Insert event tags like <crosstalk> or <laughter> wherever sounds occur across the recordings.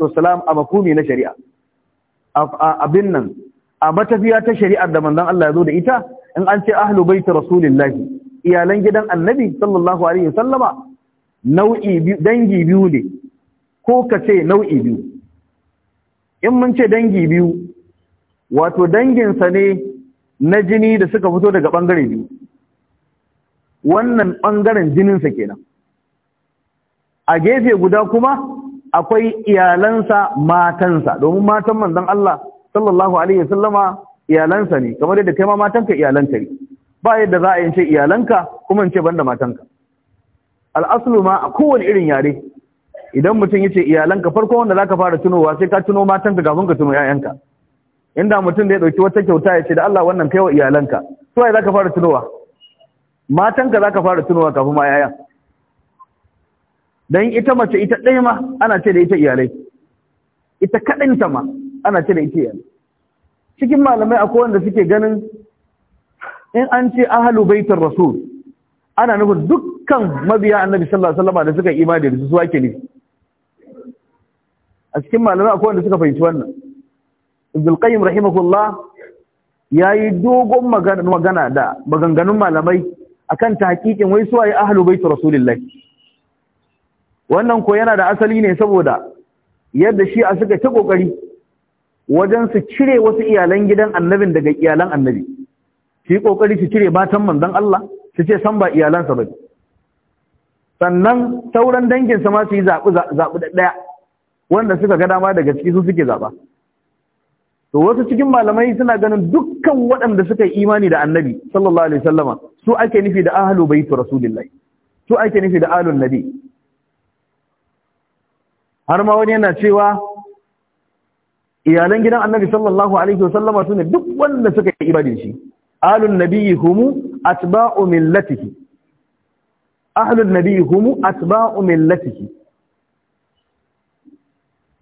wasalam a makumi na shari'a abin nan a matafiya ta shari'ar da manzon Allah ya zo da ita in an ce ahlu baiti rasulillahi iyalan gidan annabi sallallahu alaihi wasallama nau'i dangi biyu ne ko ka ce nau'i biyu in mun ce dangi biyu wato danginsa ne na jini da suka fito daga bangare biyu wannan bangaren jininsa kenan a gefe guda kuma akwai iyalansa matansa domin matan manzon Allah sallallahu alaihi wasallama iyalansa ne kamar yadda kai ma matanka iyalanka ne ba yadda za a yi ce iyalanka kuma in ce banda matanka al'aslu ma a kowane irin yare idan mutum ya ce iyalanka farko wanda zaka fara tunowa sai ka tuno matanka kafin ka tuno 'ya'yanka inda mutum da ya dauki wata kyauta ya ce da Allah wannan kaiwa iyalanka to ai zaka fara tunowa matanka zaka fara tunowa kafin ma yayanka don ita mace ita ɗaya ma ana ce da ita iyalai ita kaɗanta ma ana ce da ita iyalai cikin malamai akwai wanda suke ganin in an ce ahalu baitar rasul ana nufin dukkan mabiya annabi sallallahu alaihi wasallam da suka imani da su wake ne a cikin malamai akwai wanda suka fahimci wannan ibn qayyim rahimahullah yayi dogon magana magana da maganganun malamai akan tahqiqin wai suwaye ahalu baitar rasulillahi wannan ko yana da asali ne saboda yadda shi a suka ta kokari wajen su cire wasu iyalan gidan annabin daga iyalan annabi shi kokari su cire matan manzon Allah su ce san ba iyalansa bane sannan sauran dangin sa ma su yi zabu zabu da daya wanda suka ga dama daga ciki su suke zaba to wasu cikin malamai suna ganin dukkan waɗanda suka yi imani da annabi sallallahu alaihi wasallama su ake nufi da ahlul bait rasulillahi su ake nufi da ahlul nabi har ma wani yana cewa iyalan gidan annabi sallallahu alaihi wasallama su duk wanda suka yi ibadin shi ahlun nabiyyi humu atba'u millatihi ahlun nabiyyi humu atba'u millatihi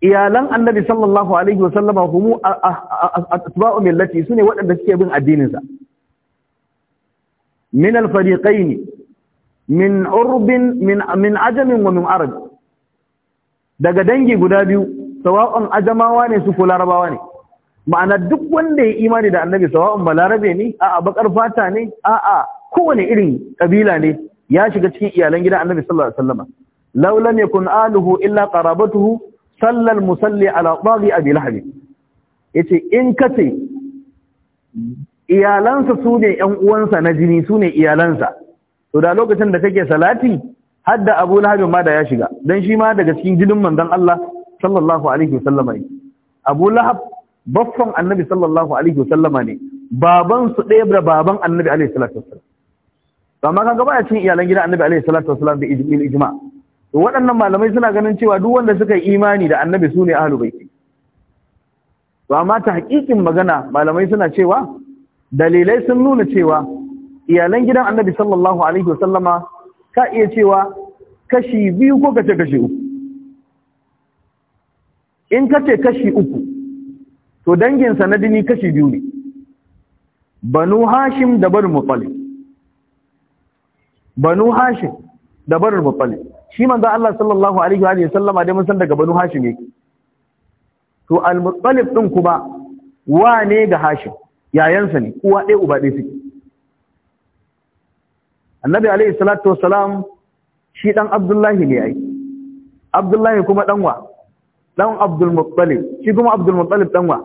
iyalan annabi sallallahu alaihi wasallama humu atba'u millati su wadanda suke bin addinin sa min alfariqaini min urbin min min ajamin wa min arab daga dangi guda biyu sawa'un ajamawa ne su ko larabawa ne ma'ana duk wanda ya imani da annabi sawa'un balarabe ne a'a bakar fata ne a'a kowane irin kabila ne ya shiga cikin iyalan gida annabi sallallahu alaihi wasallam law lam yakun aluhu illa qarabatuhu sallal musalli ala taghi abi lahab yace in kace iyalansa su ne ƴan uwansa na jini su ne iyalansa to da lokacin da kake salati hadda abu lahabin ma da ya shiga don shi ma daga cikin jinin manzon Allah sallallahu alaihi wasallama ne abu lahab baffan annabi sallallahu alaihi wasallama ne baban su ɗaya da baban annabi alaihi salatu wasallam amma kan gaba a cikin iyalan gidan annabi alaihi salatu wasallam da ijma waɗannan malamai suna ganin cewa duk wanda suka yi imani da annabi su ne ahlul baiti to amma ta hakikin magana malamai suna cewa dalilai sun nuna cewa iyalan gidan annabi sallallahu alaihi wasallama ka iya cewa kashi biyu ko kace kashi uku in kace kashi uku to dangin sanadini kashi biyu ne banu hashim da banu muttalib banu hashim da banu muttalib shi manzo Allah sallallahu alaihi wa sallama dai mun san daga banu hashim yake to al mutalib din kuma wane ga hashim yayansa ne uwa ɗaya uba ɗaya suke annabi alaihi salatu wassalam shi dan abdullahi ne ai abdullahi kuma dan wa dan abdul muttalib shi kuma abdul muttalib dan wa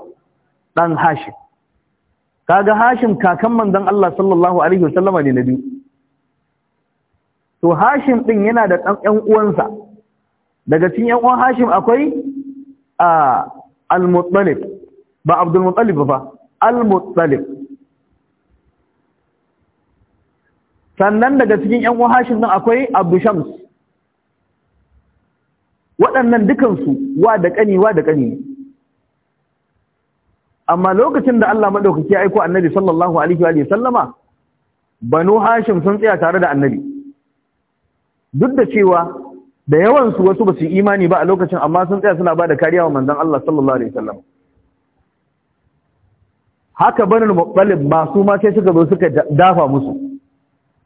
dan hashim kaga hashim kakan manzon Allah sallallahu alaihi wasallama ne nabi to hashim din yana da dan ƴan uwansa daga cikin ƴan uwan hashim akwai ah, al-muttalib ba abdul muttalib ba al-muttalib sannan daga cikin ‘yan wahashin nan akwai abu shams waɗannan dukansu wa da ƙani wa da ƙani amma lokacin da Allah maɗaukaki ya aiko annabi sallallahu alaihi wa sallama banu hashim sun tsaya tare da annabi duk da cewa da yawansu wasu ba su imani ba a lokacin amma sun tsaya suna ba da kariya wa manzan Allah sallallahu alaihi wa sallam haka banin masu masu ma sai suka zo suka dafa musu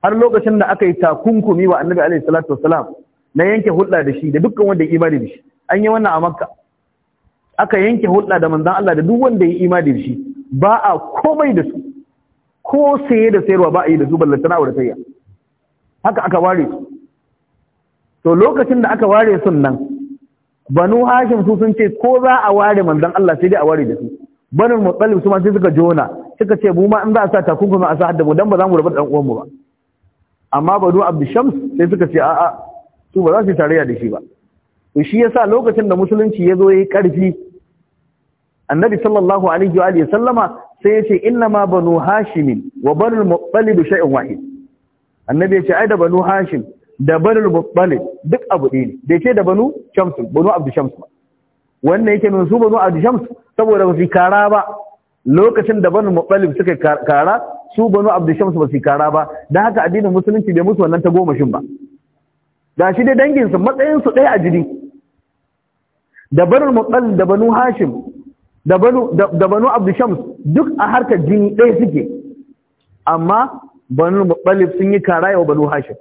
har lokacin da aka yi takunkumi wa annabi alaihi salatu wasalam na yanke hulɗa da shi da dukkan wanda ya imani da shi an yi wannan a makka aka yanke hulɗa da manzon Allah da duk wanda ya imani da shi ba a komai da su ko saye da sayarwa ba a yi da su ballantana wa sayya haka aka ware su to lokacin da aka ware su nan banu hashim su sun ce ko za a ware manzon Allah sai dai a ware da su banu mutsalib su ma sai suka jona suka ce mu ma in za a sa takunkumi a sa haddamu, dan ba za mu rabu da dan uwan mu ba amma banu abdushams sai suka ce a'a su ba za su tarayya da shi ba to shi yasa lokacin da musulunci ya zo yayi karfi annabi sallallahu alaihi wa alihi sallama sai ya ce inna ma banu hashim wa banu muttalib shay'un wahid annabi ya ce ai da banu hashim da banu muttalib duk abu ɗaya ne da ce da banu shams banu abdushams ba wannan yake nuna su banu abdushams saboda ba su kara ba lokacin da banu muttalib suka kara su banu abdu shamsu ba su kara ba don haka addinin musulunci bai musu wannan ta goma shin ba shi dai danginsu matsayinsu matsayin su ɗaya a jini da banu mutal da banu hashim da banu abdu shams duk a harkar jini ɗaya suke amma banu mutal sun yi kara yau banu hashim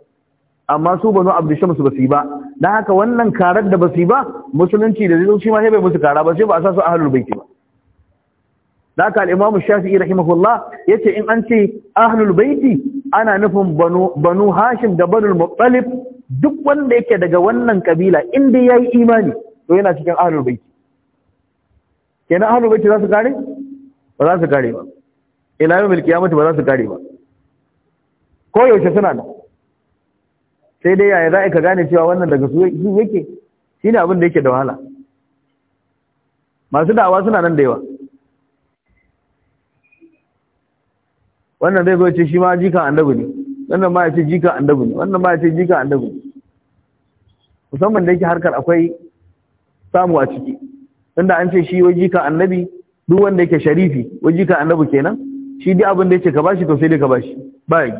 amma su banu abdu shams ba su yi ba don haka wannan karar da ba su yi ba musulunci da zai shi ma sai bai musu kara ba sai ba a sa su ahlul baiti ba Daka al'imamu shafi'i rahimahullah ya ce in an ce ahlul baiti ana nufin banu hashim da banul muttalib duk wanda yake daga wannan kabila inda ya yi imani to yana cikin ahlul baiti. Kenan ahlul baiti za su kare? Ba za su kare ba. Ila yau milki ya mutu ba za su kare ba. Ko yaushe suna da. Sai dai yaya za ka gane cewa wannan daga su yake shi ne abin da yake da wahala. Masu da'awa suna nan da yawa. wannan zai zo ce shi ma jika annabi ne wannan ma ya ce jika annabi ne wannan ma ya ce jika annabi ne musamman da yake harkar akwai samu a ciki tunda an ce shi wai jika annabi duk wanda yake sharifi wai jika annabi kenan shi dai abin da yake ka bashi to sai dai ka bashi ba yi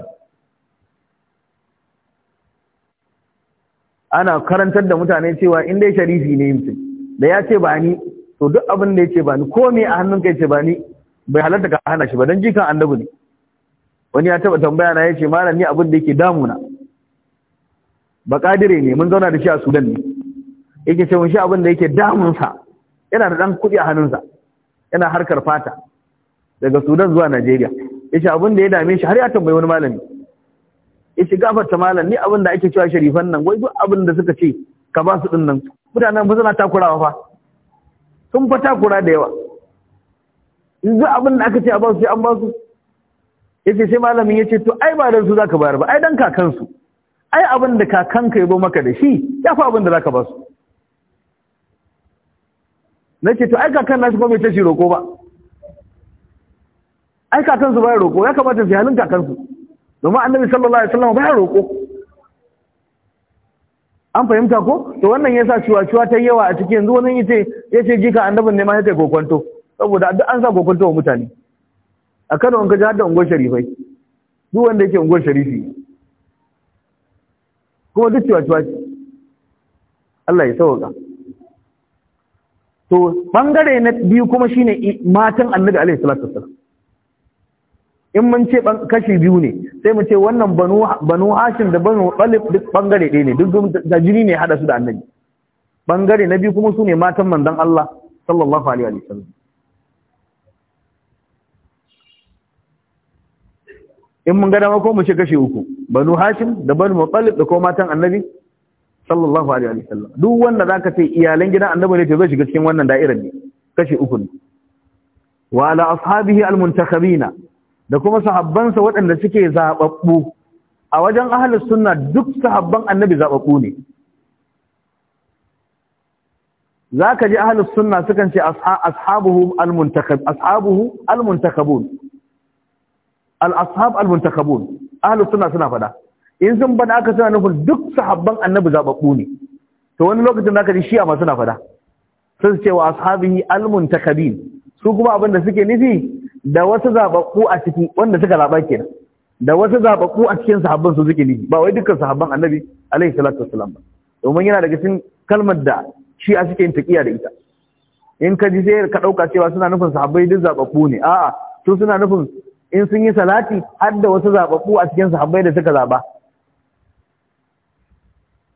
ana karantar da mutane cewa in dai sharifi ne mutum da ya ce ba ni to duk abin da ya ce ba ni ko me a hannun kai ce ba ni bai halarta ka hana shi ba don jika annabi ne wani ya taba tambaya na yace malam ni abin da yake damuna ba kadire ne mun zauna da shi a Sudan ne yake ce mun shi abin da yake damunsa yana da dan kudi a hannunsa yana harkar fata daga Sudan zuwa Najeriya yace abin da ya dame shi har ya tambayi wani malami yace gafarta malam ni abin da ake cewa sharifan nan wai duk abin da suka ce ka ba su din nan mutanen ba suna takurawa fa sun fa takura da yawa yanzu abin da aka ce a ba su an ba su yace sai malamin yace to ai ba dan su zaka bayar ba ai dan kakansu ai abin da ka yabo maka da shi ya fa abin da zaka ba su nace to ai kakan nasu ba bai tashi roko ba ai kakansu bai roko ya kamata su halin kakansu domin annabi sallallahu alaihi wasallam bai roko an fahimta ko to wannan yasa ciwa-ciwa ta yawa a cikin yanzu wani yace yace jika annabin ne ma sai kokonto saboda an sa kokonto wa mutane a Kano an kaji hada unguwar sharifai duk wanda yake unguwar sharifi kuma duk ciwa ce Allah ya sauka to bangare na biyu kuma shine matan Annabi alaihi salatu wasallam in mun ce kashi biyu ne sai mu ce wannan banu banu hashim da banu talib duk bangare ɗaya ne duk da jini ne hada su da annabi bangare na biyu kuma su ne matan mandan Allah sallallahu alaihi wasallam in mun ga dama ko mu ce kashe uku banu hashim da banu muttalib da ko matan annabi sallallahu alaihi wasallam duk wanda zaka ce iyalan gidan annabi ne to zai shiga cikin wannan da'irar ne kashe uku ne wa ala ashabihi almuntakhabina da kuma sahabbansa waɗanda suke zababbu a wajen ahlus sunna duk sahabban annabi zababbu ne zaka ji ahlus sunna sukan ce ashabuhu almuntakhab ashabuhu almuntakhabun al-ashab al-muntakabun ahlus sunna suna fada in sun bada aka suna nufin duk sahabban annabi zababbu ne to wani lokacin da aka ji shi'a ma suna fada sun ce wa ashabihi al-muntakabin su kuma abin da suke nufi da wasu zababbu a cikin wanda suka zaba kenan da wasu zababbu a cikin sahabban su suke nufi ba wai dukkan sahabban annabi alaihi salatu wassalam ba domin yana daga cikin kalmar da shi'a suke yin taqiya da ita in ka ji sai ka dauka cewa suna nufin sahabbai duk zababbu ne a'a su suna nufin in sun yi salati har da wasu zababbu a cikin sahabbai da suka zaba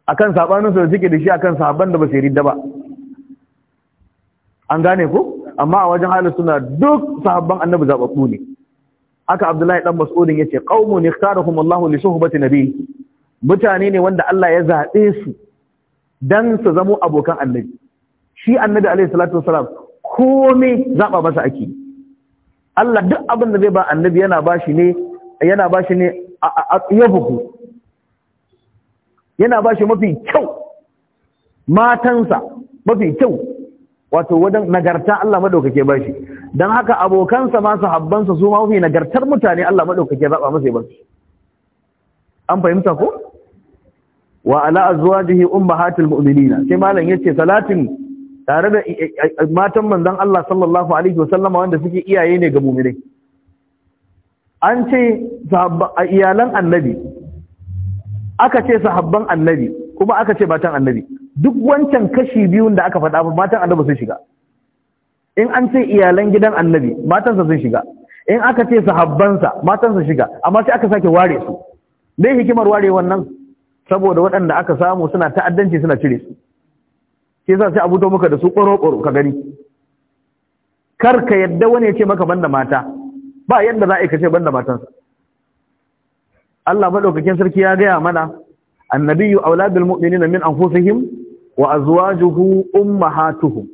akan sabanin su da suke da shi akan sahabban da ba su ridda ba an gane ku amma a wajen halin suna duk sahabban annabi zababbu ne haka abdullahi dan mas'udin yace qaumun ikhtarahum Allahu li suhbati nabi mutane ne wanda Allah ya zaɓe su dan su zamo abokan annabi shi annabi alaihi salatu wasalam komai zaba masa ake Allah duk abin da zai ba annabi yana ba shi ne yana ba shi ne a yana ba shi mafi kyau matansa mafi kyau wato wadan nagarta Allah madaukake ba shi don haka abokansa ma sahabbansa su ma mafi nagartar mutane Allah madaukake zaba masa ya su an fahimta ko wa ala azwajihi ummahatul mu'minina sai malam yace salatin tare da eh, eh, eh, matan manzon Allah sallallahu alaihi wasallama wanda suke iyaye ne ga mu'minai an ce iyalan annabi aka ce sahabban annabi kuma aka ce matan annabi duk wancan kashi biyun da aka faɗa matan annabi sun shiga in an ce iyalan gidan annabi matansa sun shiga in aka ce sahabbansa matansa shiga amma sai aka sake ware su dai hikimar ware wannan saboda waɗanda aka samu suna ta'addanci suna cire su shi yasa sai a fito maka da su ƙoro-ƙoro ka gani kar ka yadda wani ya ce maka banda mata ba yadda za a yi ka ce banda matansa Allah maɗaukakin sarki ya gaya mana annabiyyu mu'mini na min anfusihim wa azwajuhu ummahatuhum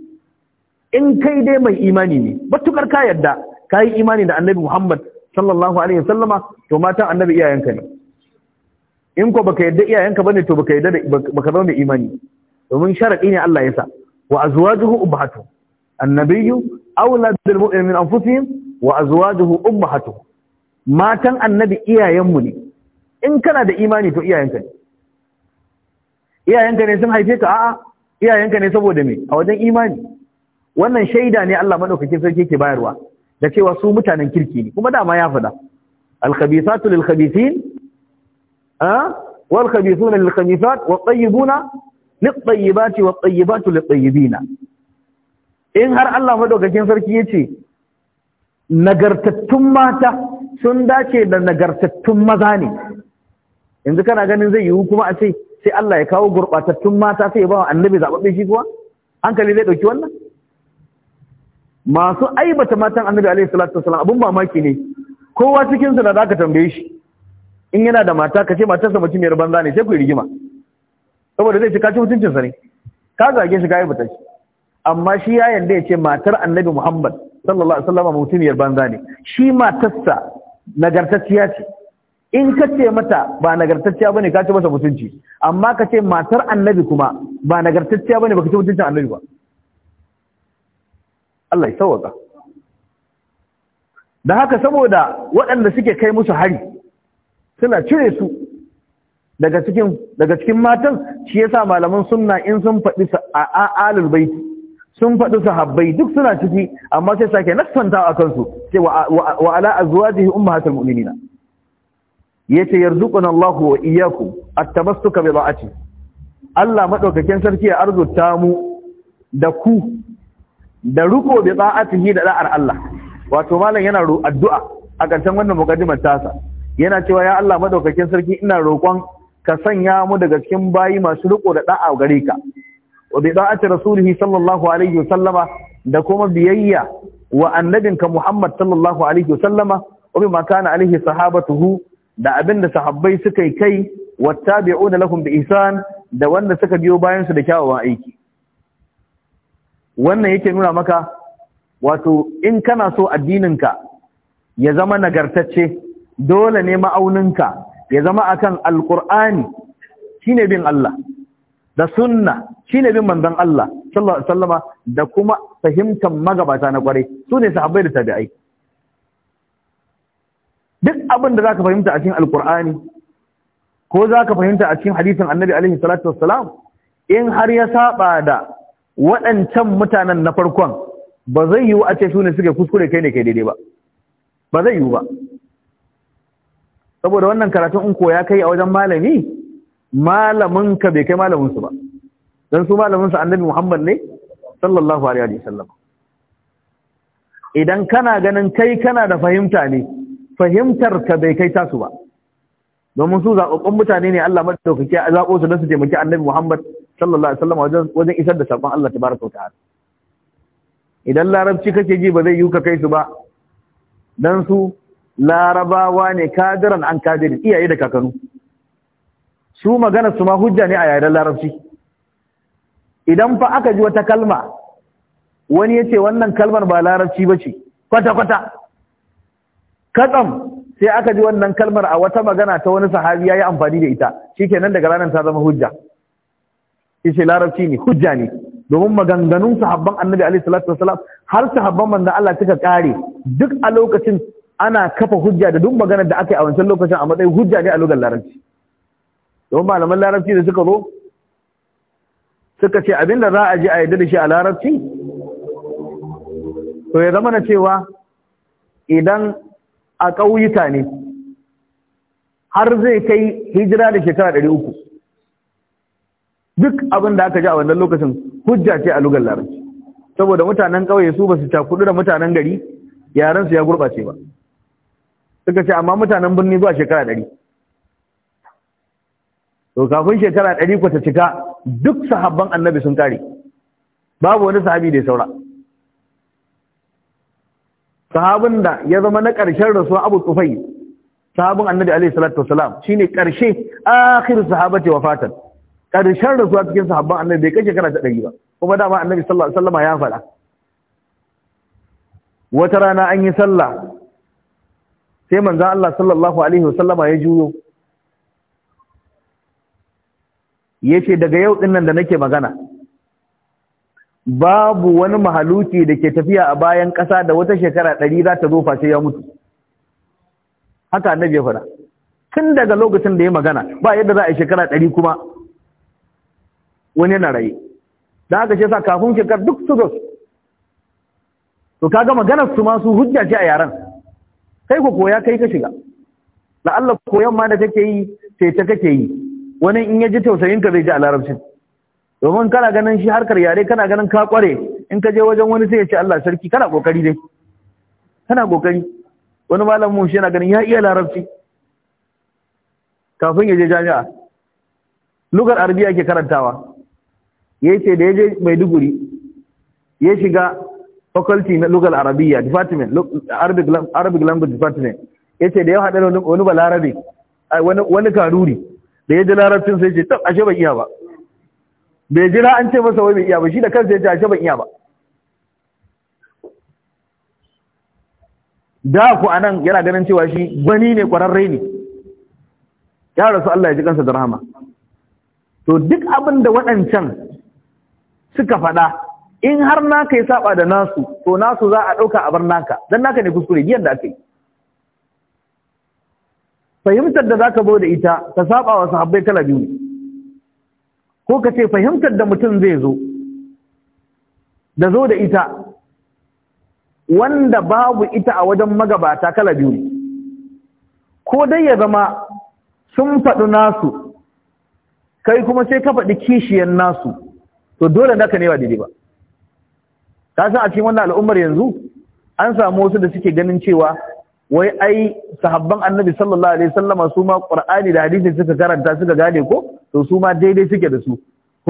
in kai dai mai imani ne batukar ka yadda ka yi imani da annabi Muhammad sallallahu alaihi wasallama to matan annabi iyayenka ne in ko baka yadda iyayenka bane to baka yadda baka zama mai imani domin sharadi ne Allah ya sa wa azwajuhu ummahatuhum annabiyyu aula bil mu'minin min anfusihim wa azwajuhu ummahatuhum matan annabi iyayenmu ne in kana da imani to iyayenka ne iyayenka ne sun haife ka a'a iyayenka ne saboda me a wajen imani wannan shaida ne Allah madaukakin sarki ke bayarwa da cewa su mutanen kirki ne kuma dama ya faɗa. al-khabithatu lil-khabithin ah wal-khabithuna lil-khabithat wat-tayyibuna lit-tayyibati wat-tayyibatu lit-tayyibina in har Allah madaukakin sarki yace nagartattun mata sun dace da nagartattun maza ne yanzu kana ganin zai yiwu kuma a ce sai Allah ya kawo gurbatattun mata sai ya ba annabi zababbe shi kuwa hankali zai dauki wannan masu aibata matan annabi alaihi salatu wasallam abun mamaki ne kowa cikin su da zaka tambaye shi in yana da mata kace matarsa mutum yar banza ne sai ku rigima saboda zai ce ka ci mutuncinsa ne ka zage shi ka aibata shi amma shi ya yanda ya ce matar annabi muhammad sallallahu alaihi wasallam mutumiyar banza ne shi matarsa nagartacciya ce in ka ce mata ba nagartacciya bane ka ci masa mutunci amma ka ce matar annabi kuma ba nagartacciya bane baka ci mutuncin annabi ba Allah ya sauka da haka saboda waɗanda suke kai musu hari suna cire su daga cikin daga cikin matan shi yasa malaman sunna in sun faɗi alul bait sun faɗi sahabbai duk suna ciki amma sai sake nasanta a kansu sai wa ala azwajihi ummahatul mu'minina yace yarzuquna Allahu wa iyyakum at-tamassuka bi da'ati Allah madaukakin sarki ya arzuta mu da ku da ruko bi da'atihi da da'ar Allah wato malam yana addu'a a ƙarshen wannan muqaddimar tasa yana cewa ya Allah madaukakin sarki ina roƙon ka sanya mu daga cikin bayi masu riko da da'a gare ka wa bi da'ati rasulih sallallahu alaihi wa sallama da kuma biyayya wa annabinka Muhammad sallallahu alaihi sallama wa bi makana alaihi sahabatuhu da abinda sahabbai suka yi kai tabi'una lahum bi ihsan da wanda suka biyo bayan su da kyawawan aiki wannan yake nuna maka wato in kana so addinin ka ya zama nagartacce dole ne ma'auninka ya zama akan alqur'ani shine bin Allah da sunna shine bin manzon Allah sallallahu alaihi wasallama da kuma fahimtar magabata na kwarai sune sahabbai da tabi'ai duk abin da zaka fahimta a cikin alqur'ani ko zaka fahimta a cikin hadisin annabi alaihi salatu wassalam in har ya saba da waɗancan mutanen na farkon ba zai yiwu a ce su ne suke kuskure kai ne kai daidai ba ba zai yiwu ba saboda wannan karatun in koya kai a wajen malami malamin ka bai kai malamin ba dan su malamin annabi Muhammad ne sallallahu alaihi wa sallam idan kana ganin kai kana da fahimta ne fahimtar ka bai kai tasu ba domin su zaɓaɓɓun mutane ne Allah madaukaki ya zaɓo su don su taimaki annabi Muhammad sallallahu alaihi wasallam wajen isar da saƙon Allah tabaraka wa ta'ala idan larabci kake ji ba zai yi ka kai su ba dan su larabawa ne kadiran an kadiri iyaye da kakanu su magana su ma hujja ne a yaren larabci idan fa aka ji wata kalma wani ya ce wannan kalmar ba larabci ba ce kwata-kwata katsam sai aka ji wannan kalmar a wata magana ta wani sahabi ya yi amfani da ita shi kenan daga ranar ta zama hujja shi larabci ne hujja ne domin maganganun sahabban annabi alaihi salatu wasalam har sahabban manzon Allah suka kare duk a lokacin ana kafa hujja da duk maganar da aka yi a wancan lokacin a matsayin hujja ne a lugar larabci don malaman larabci da suka zo suka ce abinda za a je a yadda da shi a larabci to ya zama na cewa idan a ƙauyuka ne har zai kai hijira da shekara ɗari uku duk abin da aka ji a wannan lokacin hujja ce a lugar larabci saboda mutanen ƙauye su ba su cakudu da mutanen gari yarensu ya gurɓace ba suka ce amma mutanen birni zuwa shekara ɗari to kafin shekara ɗari ku ta cika duk sahabban annabi sun kare babu wani sahabi da ya saura sahabin da ya zama na ƙarshen rasuwa abu tsufai sahabin annabi alaihi salatu wasalam ne ƙarshe akhir sahabati wafatan ƙarshen rasuwa cikin sahabban annabi bai kai shekara ta ɗari ba kuma dama annabi sallallahu alaihi wasallama ya faɗa wata rana an yi sallah sai manzan Allah sallallahu Alaihi wasallama ya juyo ya ce daga yau nan da nake magana babu wani mahaluki da ke tafiya a bayan ƙasa da wata shekara ɗari za ta zo face ya mutu haka annabi ya faɗa tun daga lokacin da ya magana ba yadda za a yi shekara ɗari kuma wani yana raye da aka ce sa kafin shekar duk su to kaga maganar su ma su hujja ce a yaren kai ku koya kai ka shiga la'alla koyan ma da kake yi sai ta kake yi wani in ya ji tausayin ka zai ji a larabcin domin kana ganin shi harkar yare kana ganin ka kware in ka je wajen wani sai ya ce Allah sarki kana kokari dai kana kokari wani malamin mu shi yana ganin ya iya larabci kafin ya je jami'a lugar arabiya ke karantawa ya ce da ya je maiduguri ya shiga faculty na lugal arabiya department arabic language department ya ce da ya haɗa wani balarabe wani karuri. da ya ji larabcin sai ce tab ashe ban iya ba bai jira an ce masa wai bai iya ba shi da kansa yace ashe ban iya ba da ku anan yana ganin cewa shi gwani ne kwararre ne ya rasu Allah ya ji kansa da rahama to duk abin da waɗancan suka faɗa in har naka ya saba da nasu to nasu za a ɗauka a bar naka dan naka ne kuskure biyan da aka fahimtar da zaka zo da ita ka saba wa sahabbai kala biyu ko ka ce fahimtar da mutum zai zo da zo da ita wanda babu ita a wajen magabata kala biyu ko dai ya zama sun faɗi nasu kai kuma sai ka faɗi kishiyar nasu to dole naka ne wa daidai ba ka san a cikin wannan al'ummar yanzu an samu wasu da suke ganin cewa wai ai sahabban annabi sallallahu alaihi wasallama su ma qur'ani da hadisi suka karanta suka gane ko to su ma daidai suke da su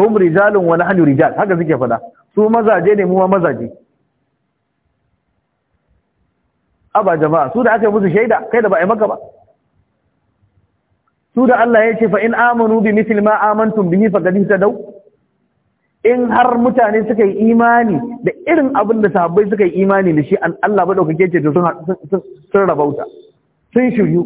hum rijalun wa nahnu rijal haka suke fada su mazaje ne mu ma mazaje aba jama'a su da aka yi musu shaida kai da ba a yi maka ba su da Allah ya ce fa in amanu bi mithli ma amantum bihi faqad ihtadaw in har mutane suka yi imani da irin abin da sahabbai suka yi imani da shi an Allah ba daukake ce sun sun rabauta sun shiryu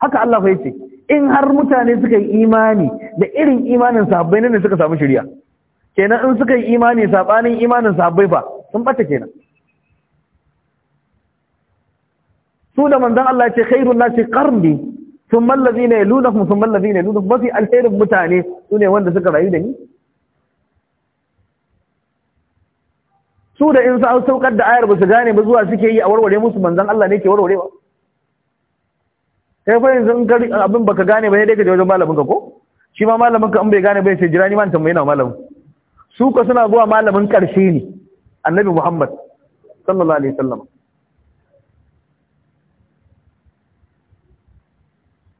haka Allah fa yace in har mutane suka yi imani da irin imanin sahabbai ne suka samu shirya kenan in suka yi imani sabanin imanin sahabbai fa sun bata kenan su da manzon Allah ce khairun nasi qarni sun mallazi ne lunahum sun mallazi ne lunahum mafi alherin mutane su ne wanda suka rayu da ni su da in sa'a saukar da ayar ba su gane ba zuwa suke yi a warware musu manzan Allah ne ke warware ba? kai fa yanzu in abin baka gane ba sai dai ka je wajen malamin ka ko shi ma malamin ka in bai gane ba sai jira ni ma tambaye na malamin su ka suna zuwa malamin karshe ne annabi Muhammad sallallahu alaihi wasallam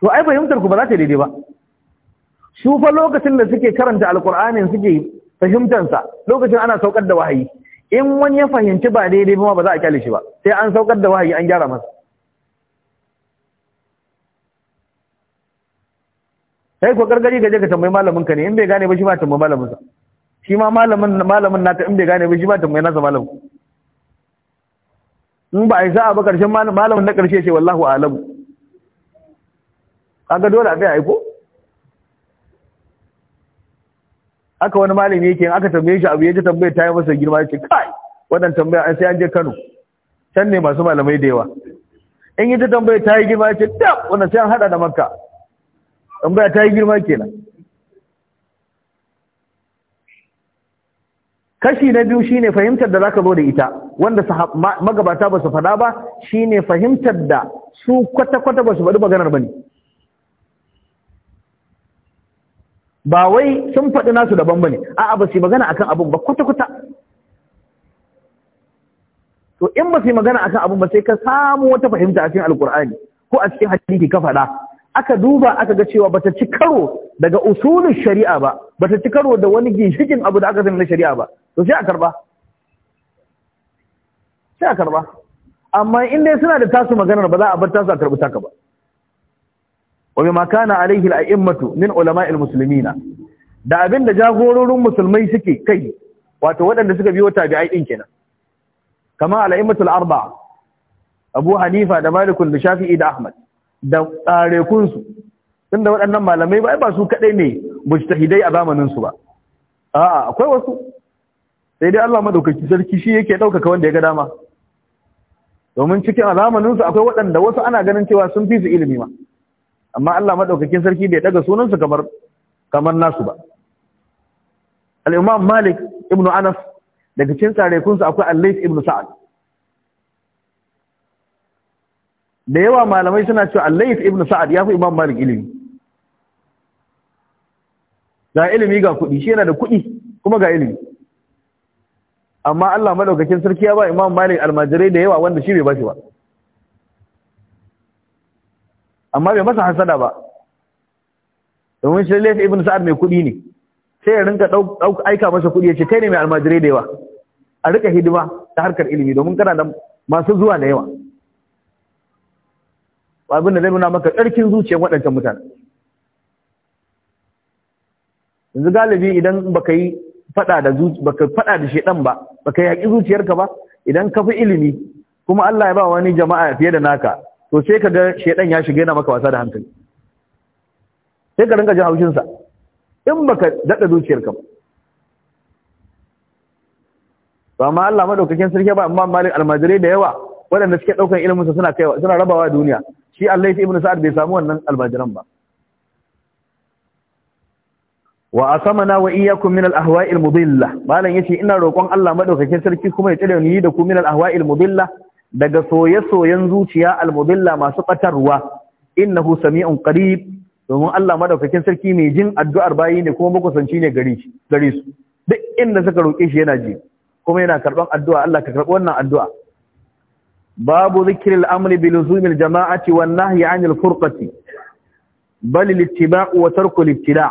to ai fahimtar ku ba za ta daidai ba su fa lokacin da suke karanta alkur'anin suke sa lokacin ana saukar da wahayi in wani ya fahimci ba daidai ba ba za a kyale shi ba sai an saukar da wahayi an gyara masa sai ko gargari je ka tambayi malamin ka ne in bai gane ba shi ma tambayi malamin sa shi ma malamin malamin naka in bai gane ba shi ma tambayi nasa malamin in ba a yi sa'a ba karshen malamin na karshe ce wallahu a'lamu aga dole abin aiko aka wani malami yake aka tambaye shi abu ya ji tambaye ta yi masa girma yake kai wannan tambaye an sai an je Kano can ne masu malamai da yawa in yi ta tambaye ta yi girma yake dab wani sai an hada da maka, tambaye ta yi girma kenan kashi na biyu shi ne fahimtar da za ka zo da ita wanda magabata ba su faɗa ba shi ne fahimtar da su kwata-kwata ba su faɗi maganar ba ne ba wai sun faɗi nasu daban bane a'a ba su magana akan abun ba kwata kwata to in ba su magana akan abun ba sai ka samu wata fahimta a cikin alkur'ani ko a cikin hadisi ka faɗa aka duba aka ga cewa bata ci karo daga usulun shari'a ba bata ci karo da wani ginshikin abu da aka sani na shari'a ba to sai a karba sai a karba amma in dai suna da tasu maganar ba za a bar tasu a karbi taka ba wa bima kana alaihi al-a'immatu min ulama'il muslimina da abin da jagororin musulmai suke kai wato waɗanda suka biyo tabi'ai din kenan kama al al'arba arba'a Abu Hanifa da Malikun da Shafi'i da Ahmad da tsarekunsu. su tunda waɗannan malamai ba ba su kadai ne mujtahidai a zamaninsu ba a'a akwai wasu sai dai Allah madaukaki sarki shi yake ɗaukaka wanda ya ga dama domin cikin a zamaninsu su akwai waɗanda wasu ana ganin cewa sun fi su ilimi ma amma Allah madaukakin sarki bai daga sunansu kamar kamar nasu ba al-imam malik ibn anas daga cikin tsarekun su akwai al-layth ibn sa'ad da yawa malamai suna cewa al-layth ibn sa'ad yafi imam malik ilimi ga ilimi ga kudi shi yana da kudi kuma ga ilimi amma Allah madaukakin sarki ya ba imam malik almajirai da yawa wanda shi bai ba shi ba amma bai masa hasada ba domin shi laifin ibn sa'ad mai kuɗi ne sai ya rinka aika masa kuɗi ya ce kai ne mai almajirai da yawa a rika hidima ta harkar ilimi domin kana da masu zuwa da yawa abin da zai nuna maka karkin zuciyar waɗancan mutane yanzu galibi idan baka yi faɗa da baka fada da shedan ba baka yaki zuciyarka ba idan ka fi ilimi kuma Allah ya ba wani jama'a fiye da naka to sai ka ga shedan ya shiga yana maka wasa da hankali sai ka rinka jin haushin sa in baka dada zuciyar ka ba amma Allah madaukakin sarki ba amma malik almajiri da yawa wadanda suke daukan ilimin sa suna kaiwa suna rabawa duniya shi Allah ibn Sa'ad bai samu wannan almajiran ba wa asamana wa iyyakum min al-ahwa'il mudilla malan yace ina roƙon Allah madaukakin sarki kuma ya tsare ni da ku min al-ahwa'il mudilla daga soye-soyen zuciya almudilla masu batarwa innahu sami'un qarib domin Allah madaukakin sarki mai jin addu'ar bayi ne kuma makusanci ne gare shi su duk inda suka roke shi yana ji kuma yana karban addu'a Allah ka karɓi wannan addu'a babu zikril amri bi luzumil jama'ati wan nahyi 'anil furqati bal al-ittiba'u wa tarku al-ibtida'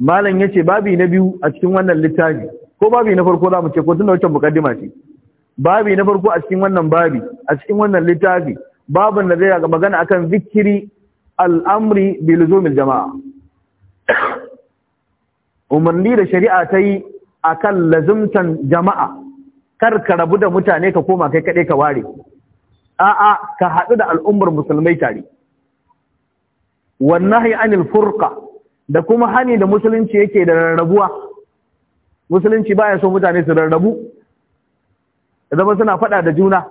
malam yace babi na biyu a cikin wannan littafi ko babi na farko za mu ce ko tunda wacce mukaddima ce babi na farko a cikin wannan babi a cikin wannan littafi babin da zai ga magana akan zikiri al'amri bi luzumil jama'a umarni da shari'a ta yi akan lazumtan jama'a kar ka rabu da mutane ka koma kai kaɗai ka ware a'a ka haɗu da al'ummar musulmai tare wannahi anil furqa da kuma hani da musulunci yake da rarrabuwa musulunci baya so mutane su rarrabu ya zama suna faɗa da juna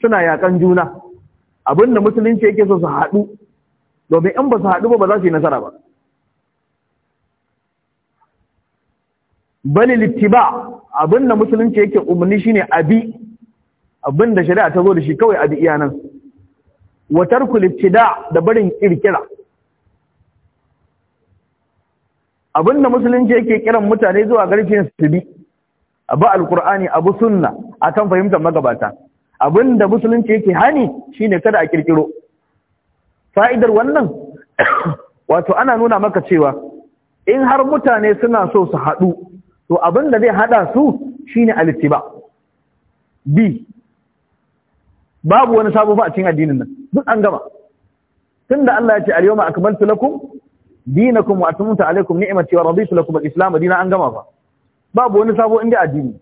suna yakan juna abin da musulunci yake so su haɗu domin in ba su haɗu ba ba za su yi nasara ba bali littiba abin da musulunci yake umarni shine abi abin da shari'a ta zo da shi kawai abi iya nan wa tarku littida da barin kirkira abin da musulunci yake kiran mutane zuwa garfin su bi abu alkur'ani abu sunna akan fahimtar magabata abinda musulunci yake hani shine kada a kirkiro fa'idar wannan <coughs> wato ana nuna maka cewa in har mutane suna so su haɗu to abinda zai haɗa su shine alittiba b babu wani sabo ba a cikin addinin nan duk an gama tunda Allah ya ce al-yawma akmaltu lakum dinakum wa atmamtu alaykum ni'mati wa raditu lakum al-islam dinan an gama fa babu wani sabo inda addini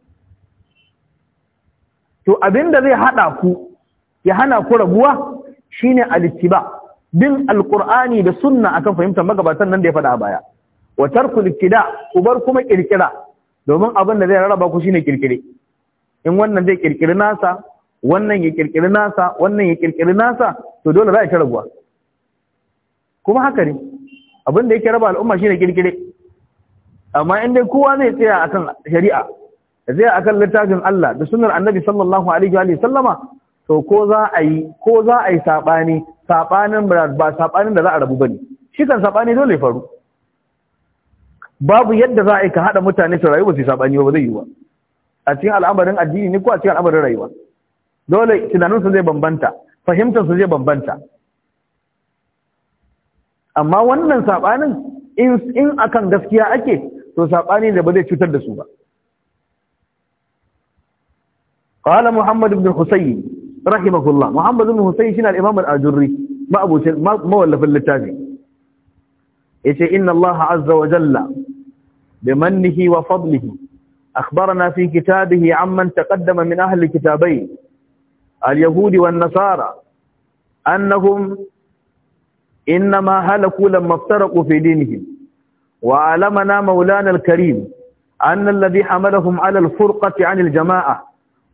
to abinda zai hada ku ya hana ku rabuwa shine al-ittiba bin al-qur'ani da sunna akan fahimtar magabatan nan da ya faɗa a baya wa tarkul ku ubar kuma kirkira domin abin da zai raraba ku shine kirkire in wannan zai kirkiri nasa wannan ya kirkiri nasa wannan ya kirkiri nasa to dole za a ci rabuwa kuma haka ne abin da yake raba al'umma shine kirkire amma in dai kowa zai tsaya akan shari'a zai akan littafin Allah da sunnar Annabi sallallahu alaihi wa sallama to ko za a yi ko za a yi sabani sabanin ba sabanin da za a rabu bane shi kan sabani dole faru babu yadda za a yi ka hada mutane su rayu ba su sabani ba zai yi ba a cikin al'amarin addini ne ko a cikin al'amarin rayuwa dole tunanin su zai bambanta fahimtar su zai bambanta amma wannan sabanin in akan gaskiya ake to sabani da ba zai cutar da su ba qala muhammad ibn husayn rahimahullah muhammad ibn husayn shine al-imam al-ajurri ma abucin mawallafin littafi yace inna allah azza wa jalla bi mannihi wa fadlihi أخبرنا في كتابه عمن تقدم من أهل الكتابين اليهود والنصارى أنهم إنما هلكوا لما افترقوا في دينهم وعلمنا مولانا الكريم أن الذي حملهم على الفرقة عن الجماعة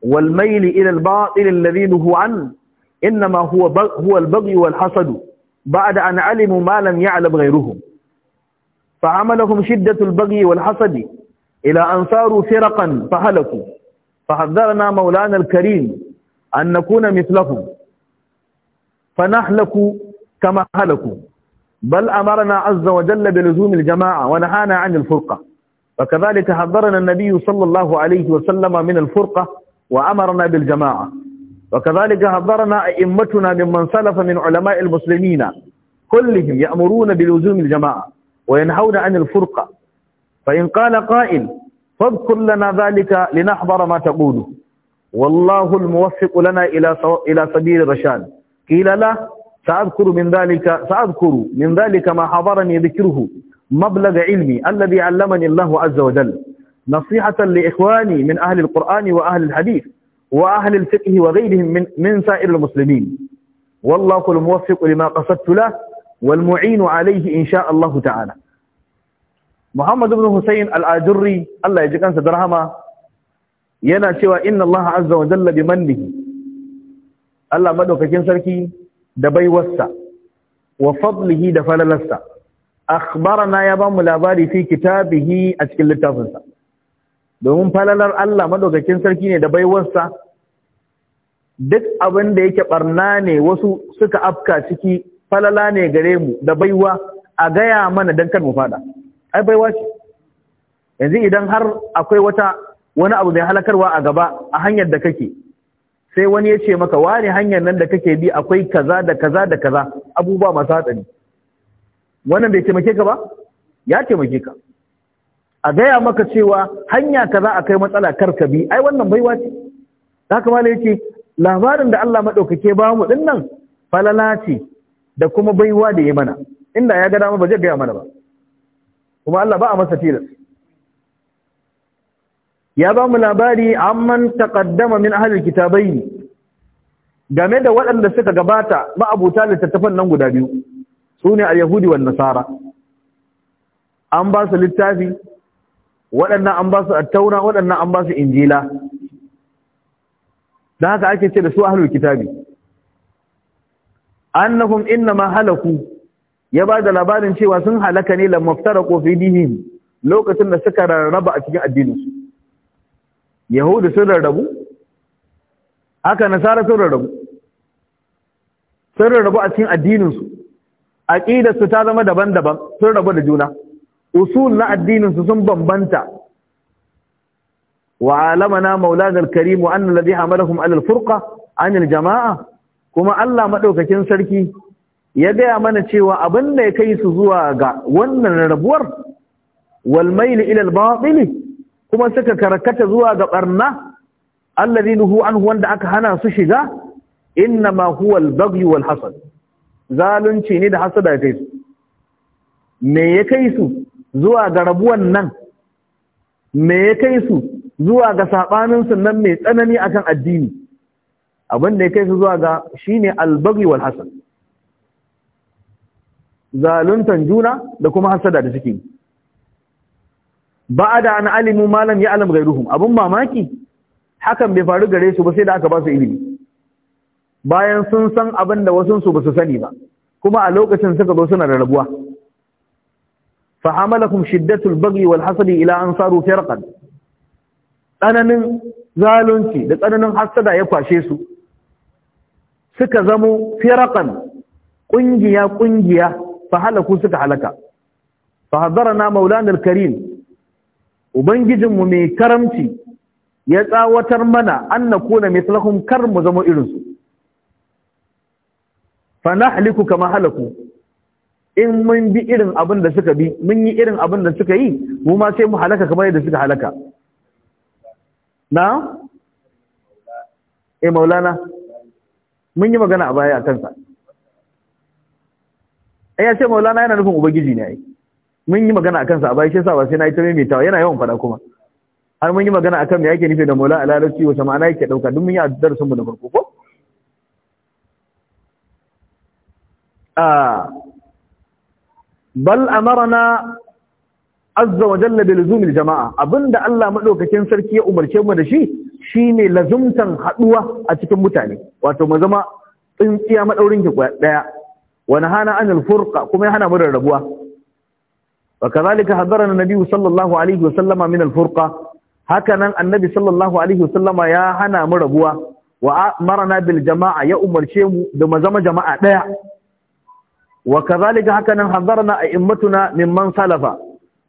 والميل إلى الباطل الذي نهوا عنه إنما هو هو البغي والحسد بعد أن علموا ما لم يعلم غيرهم فعملهم شدة البغي والحسد إلى أن صاروا فرقا فهلكوا فحذرنا مولانا الكريم أن نكون مثلهم فنهلك كما هلكوا بل أمرنا عز وجل بلزوم الجماعة ونهانا عن الفرقة وكذلك حذرنا النبي صلى الله عليه وسلم من الفرقة وأمرنا بالجماعة وكذلك حذرنا أئمتنا ممن سلف من علماء المسلمين كلهم يأمرون بلزوم الجماعة وينهون عن الفرقة فإن قال قائل فاذكر لنا ذلك لنحضر ما تقوله والله الموفق لنا إلى إلى سبيل الرشاد قيل له سأذكر من ذلك سأذكر من ذلك ما حضرني ذكره مبلغ علمي الذي علمني الله عز وجل نصيحة لإخواني من أهل القرآن وأهل الحديث وأهل الفقه وغيرهم من, من سائر المسلمين والله الموفق لما قصدت له والمعين عليه إن شاء الله تعالى محمد بن حسين الآجري الله يجيكان سدرهما ينا شوى إن الله عز وجل بمنه الله مدوك سركي da baiwarsa wa fadlihi da falalarsa akhbarana ya bamu labari fi kitabihi a cikin littafinsa domin falalar Allah madaukakin sarki ne da baiwarsa duk abin da yake barna ne wasu suka afka ciki falala ne gare mu da baiwa a gaya mana dan kan mu fada ai baiwa ce yanzu idan har akwai wata wani abu mai halakarwa a gaba a hanyar da kake sai wani ya ce maka wani hanyar nan da kake bi akwai kaza da kaza da kaza abubuwa masu hatsari wannan bai taimake ka ba ya taimake ka a gaya maka cewa hanya kaza kai matsala kar ka bi ai wannan baiwa ce haka malai yake labarin da Allah maɗaukake ba mu din nan falala ce da kuma baiwa da yi mana inda ya ga dama ba zai gaya mana ba kuma Allah ba a masa tilas ya ba mu labari amman taqaddama min ahli kitabaini game da waɗanda suka gabata ma'abuta littattafan nan guda biyu sune al-yahudi wan nasara an ba su littafi waɗannan an ba su waɗannan an ba su injila da haka ake ce da su ahli kitabi annahum ma halaku ya ba da labarin cewa sun halaka ne lamma ftaraku fi dinihim lokacin da suka rarraba a cikin addininsu yahudu sun rarrabu aka nasara sun rarrabu sun rarrabu a cikin addininsu aƙidarsu ta zama daban-daban sun rabu da juna usul na addininsu sun bambanta wa alamana maulana alkarim wa annal ladhi hamalahum ala alfurqa anil jamaa kuma Allah madaukakin sarki ya gaya mana cewa abin da ya kai su zuwa ga wannan rabuwar wal mail ila al kuma suka karkata zuwa ga barna allazi nuhu anhu wanda aka hana su shiga inna ma huwa al-baghy wal hasad zalunci ne da hasada kai su me ya kai su zuwa ga rabuwan nan me ya kai su zuwa ga sabanin nan mai tsanani akan addini abin da ya kai su zuwa ga shine al-baghy wal hasad zaluntan juna da kuma hasada da suke yi ba a da an alimu malam ya alam gairuhun Abin mamaki hakan bai faru gare su ba sai da aka ba su ilimi bayan sun san abin da wasu su ba su sani ba kuma a lokacin suka zo suna da rabuwa fa hamalakum shiddatul bagyi wal hasadi ila an saru firqan tsananin zalunci da tsananin hasada ya kwashe su suka zamo firqan kungiya kungiya fa halaku suka halaka fa hadarna maulana al-karim ubangijinmu mai karamci ya tsawatar mana an na kuna mai kar mu zama irinsu fa haliku kama halaku in mun bi irin abin da suka bi mun yi irin abin da suka yi mu ma sai mu halaka kamar yadda suka halaka na E maulana mun yi magana a baya a kansa ai ya ce maulana yana nufin ubangiji ne ai mun yi magana akan sa a baya shi ba sai na yi ta maimaitawa yana yawan faɗa kuma har mun yi magana akan me yake nufi da maula a wa wace ma'ana yake ɗauka duk mun yi a mu na farko ko bal amarna azza wa jalla bi luzumil jama'a abinda Allah madaukakin sarki ya umarce mu da shi shi ne lazumtan haɗuwa a cikin mutane wato mu zama tsintsiya madaurin ki daya wa hana anil furka kuma ya hana mu rabuwa وكذلك حذرنا النبي صلى الله عليه وسلم من الفرقة هكذا النبي صلى الله عليه وسلم يا هنا مربوة وأمرنا بالجماعة يا أمر شيم دم زم جماعة داع وكذلك هكذا حذرنا أئمتنا ممن سلف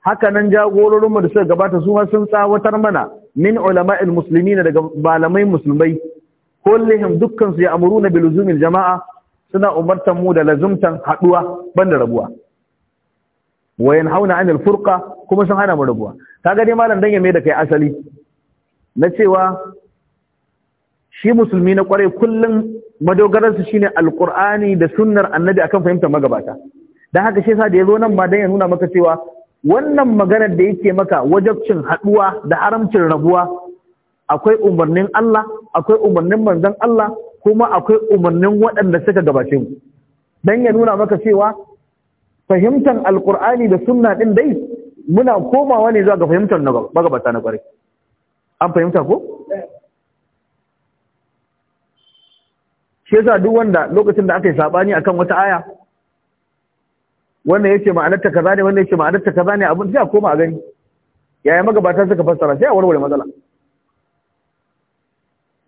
هكذا جاءوا لهم رسول قبات سوها سنسا وترمنا من علماء المسلمين بالمين مسلمين كلهم دكا يأمرون بلزوم الجماعة سنة أمرتم مودة لزمتا حقوة بند ربوة wayan hauna an alfurqa kuma sun hana mu rabuwa kaga dai malam dan ya mai da kai asali na cewa shi musulmi na kware kullum madogararsu shine alqur'ani da sunnar annabi akan fahimtar magabata dan haka shi yasa da yazo nan ma dan ya nuna maka cewa wannan maganar da yake maka wajabcin haduwa da haramcin rabuwa akwai umarnin Allah akwai umarnin manzon Allah kuma akwai umarnin waɗanda suka gabace mu dan ya nuna maka cewa fahimtar alkur'ani da sunna din dai muna komawa ne zuwa ga fahimtar na magabata na kwarai an fahimta ko shi yasa duk wanda lokacin da aka yi sabani akan wata aya wannan yace ma'anar ta kaza ne wannan yace ma'anar ta kaza ne abin sai a koma a gani yaya magabata suka fassara sai a warware matsala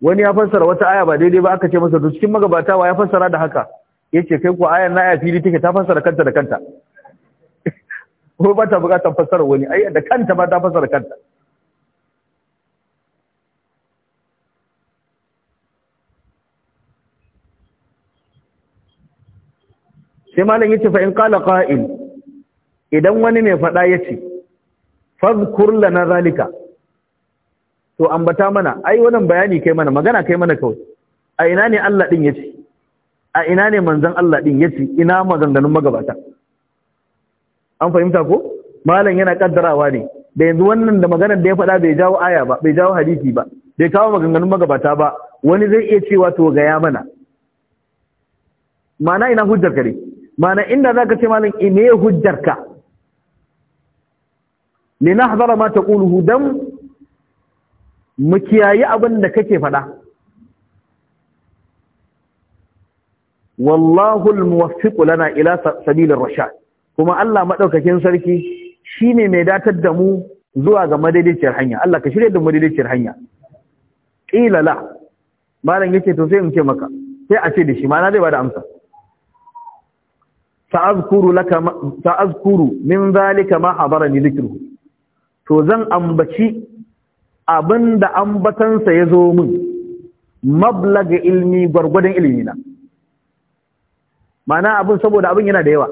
wani ya fassara wata aya ba daidai ba aka ce masa to cikin magabata wa ya fassara da haka yace kai ko ayan na fili take ta fassara kanta da kanta ko ba ta bukatar fassara wani ai da kanta ba ta fassara kanta sai malam yace fa in qala qa'il idan wani mai fada yace fadhkur lana zalika to ambata mana ai wannan bayani kai mana magana kai mana kawai a ina ne Allah din yace a ina ne manzan Allah din ce ina maganganun magabata an fahimta ko malam yana kaddarawa ne da yanzu wannan da maganar da ya faɗa bai jawo aya ba bai jawo hadisi ba bai kawo maganganun magabata ba wani zai iya cewa to gaya mana mana ina hujjar kare mana inda zaka ce malam ine eh, hujjar ka hazara ma ta taquluhu don mu kiyayi abin da kake faɗa wallahu almuwaffiq lana ila sabilir rashad kuma Allah madaukakin sarki shine mai datar da mu zuwa ga madaidaiciyar hanya Allah ka shirye da madaidaiciyar hanya qila la malam yake to sai mu ce maka sai a ce da shi mana zai bada amsa sa'azkuru laka sa'azkuru min zalika ma habarani dhikruhu to zan ambaci abinda ambatansa yazo min mablag ilmi gwargwadon ilmina na mana abin saboda abin yana da yawa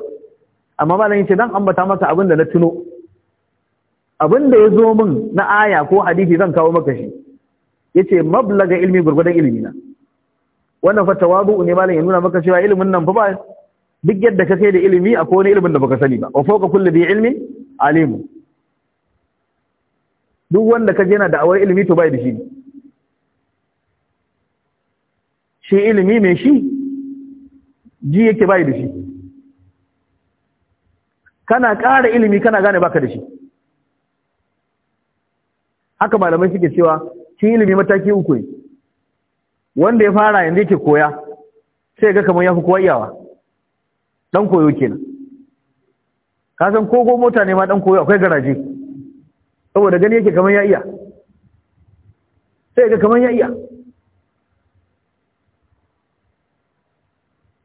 amma malam don dan ambata masa abin da na tuno abin da ya zo min na aya ko hadisi zan kawo maka shi yace mablaga ilmi gurgudan ilimi na wannan fa tawadu ne malam ya nuna maka cewa ilimin nan fa ba duk yadda ka kai da ilimi akwai wani ilimin da baka sani ba wa fawqa kulli bi ilmi alimu duk wanda kaje yana da'awar awar ilimi to bai da shi shi ilimi mai shi ji yake bai da shi kana ƙara ilimi kana gane baka da shi haka malamai suke cewa shi ilimi mataki uku ne wanda ya fara yanzu yake koya sai ga kamar ya fi kowa iyawa dan koyo kenan ka san kogo mota ne ma dan koyo akwai garaje saboda gani yake kamar ya iya sai ga kamar ya iya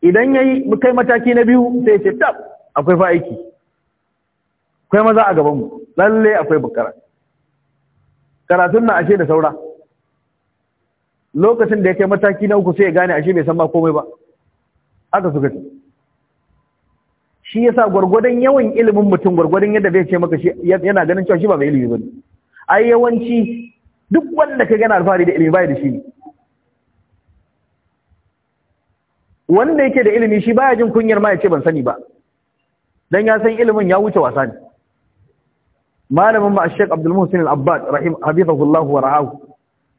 idan ya yi kai mataki na biyu sai ce tab akwai fa aiki akwai maza a gaban mu lalle akwai bukara karatun na ashe da saura lokacin da ya kai mataki na uku sai ya gane ashe bai san ma komai ba haka suka ce shi ya sa gwargwadon yawan ilimin mutum gwargwadon yadda bai ce maka shi yana ganin cewa shi ba mai ilimi ba ne ai yawanci duk wanda ka gana alfahari da ilimi bai da shi ne wanda yake da ilimi shi baya jin kunyar ma ya ce ban sani ba dan ya san ilimin ya wuce wasa ne malamin ma Sheikh Abdul Muhsin Al-Abbad rahim habibahullahu wa ra'ahu